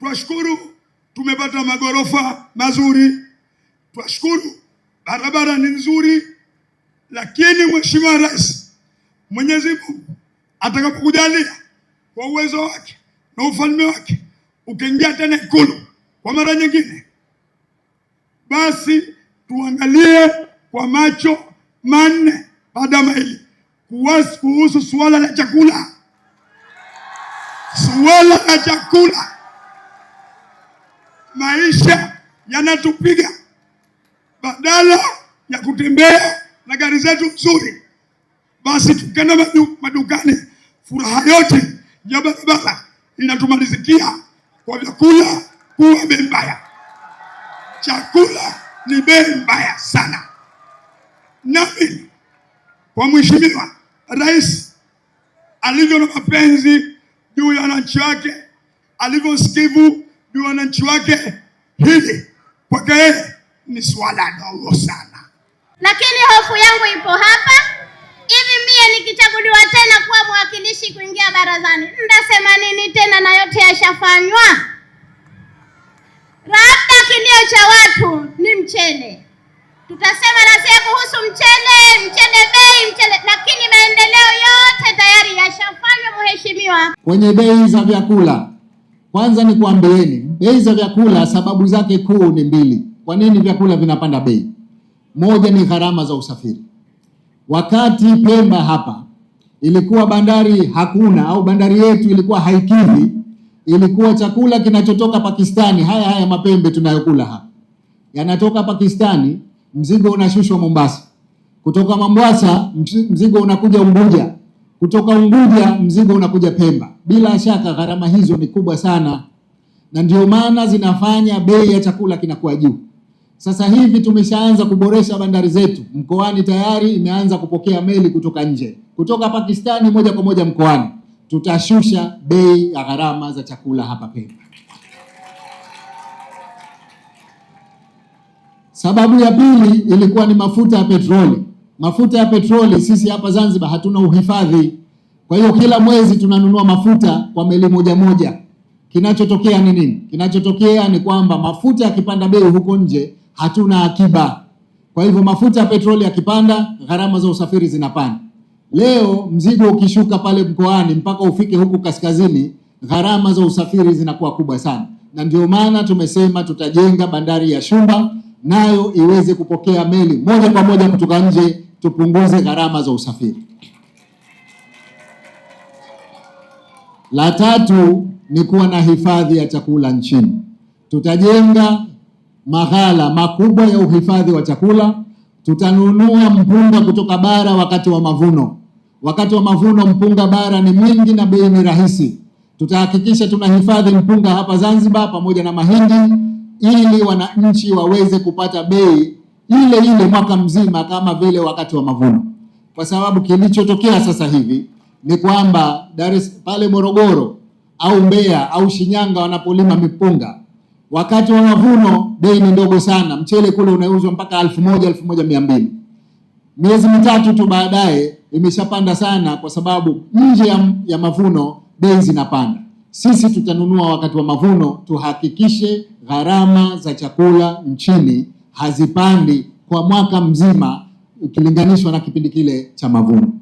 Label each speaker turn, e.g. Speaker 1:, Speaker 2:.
Speaker 1: Twashukuru tumepata magorofa mazuri, twashukuru barabara ni nzuri, lakini Mheshimiwa Rais, Mwenyezi Mungu atakapokujalia kwa uwezo wake na ufalme wake, ukiingia tena Ikulu kwa mara nyingine, basi tuangalie kwa macho manne badama maili kuhusu suala la chakula, suala la chakula maisha yanatupiga, badala ya kutembea na gari zetu nzuri, basi tukenda madukani, furaha yote ya barabara inatumalizikia kwa vyakula kuwa bei mbaya. Chakula ni bei mbaya sana. Nami kwa Mheshimiwa Rais alivyo na mapenzi juu ya wananchi wake, alivyosikivu juu wananchi wake. Hili kwake yeye ni swala dogo sana,
Speaker 2: lakini hofu yangu ipo hapa. Hivi mie nikichaguliwa tena kuwa mwakilishi kuingia barazani, ndasema nini tena? Na yote yashafanywa, labda kilio cha watu ni mchele tutasema nasia kuhusu mchele, mchele bei, mchele, lakini maendeleo yote tayari yashafanywa, mheshimiwa,
Speaker 3: kwenye bei za vyakula. Kwanza ni kuambieni bei za vyakula sababu zake kuu ni mbili. Kwa nini vyakula vinapanda bei? Moja ni gharama za usafiri. Wakati Pemba hapa ilikuwa bandari hakuna, au bandari yetu ilikuwa haikidhi, ilikuwa chakula kinachotoka Pakistani, haya haya mapembe tunayokula hapa yanatoka Pakistani, mzigo unashushwa Mombasa, kutoka Mombasa mzigo unakuja Unguja kutoka Unguja mzigo unakuja Pemba. Bila shaka gharama hizo ni kubwa sana, na ndio maana zinafanya bei ya chakula kinakuwa juu. Sasa hivi tumeshaanza kuboresha bandari zetu. Mkoani tayari imeanza kupokea meli kutoka nje, kutoka Pakistani moja kwa moja mkoani. Tutashusha bei ya gharama za chakula hapa Pemba. Sababu ya pili ilikuwa ni mafuta ya petroli mafuta ya petroli, sisi hapa Zanzibar hatuna uhifadhi. Kwa hiyo kila mwezi tunanunua mafuta kwa meli moja moja. Kinachotokea ni nini? Kinachotokea ni kwamba mafuta yakipanda bei huko nje, hatuna akiba. Kwa hivyo mafuta ya petroli yakipanda, gharama za usafiri zinapanda. Leo mzigo ukishuka pale mkoani mpaka ufike huku kaskazini, gharama za usafiri zinakuwa kubwa sana, na ndio maana tumesema tutajenga bandari ya Shumba, nayo iweze kupokea meli moja kwa moja kutoka nje tupunguze gharama za usafiri. La tatu ni kuwa na hifadhi ya chakula nchini. Tutajenga maghala makubwa ya uhifadhi wa chakula. Tutanunua mpunga kutoka bara wakati wa mavuno. Wakati wa mavuno mpunga bara ni mwingi na bei ni rahisi. Tutahakikisha tunahifadhi mpunga hapa Zanzibar pamoja na mahindi, ili wananchi waweze kupata bei ile ile mwaka mzima kama vile wakati wa mavuno, kwa sababu kilichotokea sasa hivi ni kwamba Dar es pale Morogoro au Mbeya au Shinyanga wanapolima mipunga wakati wa mavuno bei ni ndogo sana. Mchele kule unauzwa mpaka elfu moja elfu moja mia mbili miezi mitatu tu baadaye imeshapanda sana, kwa sababu nje ya, ya mavuno bei zinapanda. Sisi tutanunua wakati wa mavuno, tuhakikishe gharama za chakula nchini hazipandi kwa mwaka mzima ukilinganishwa na kipindi kile cha mavuno.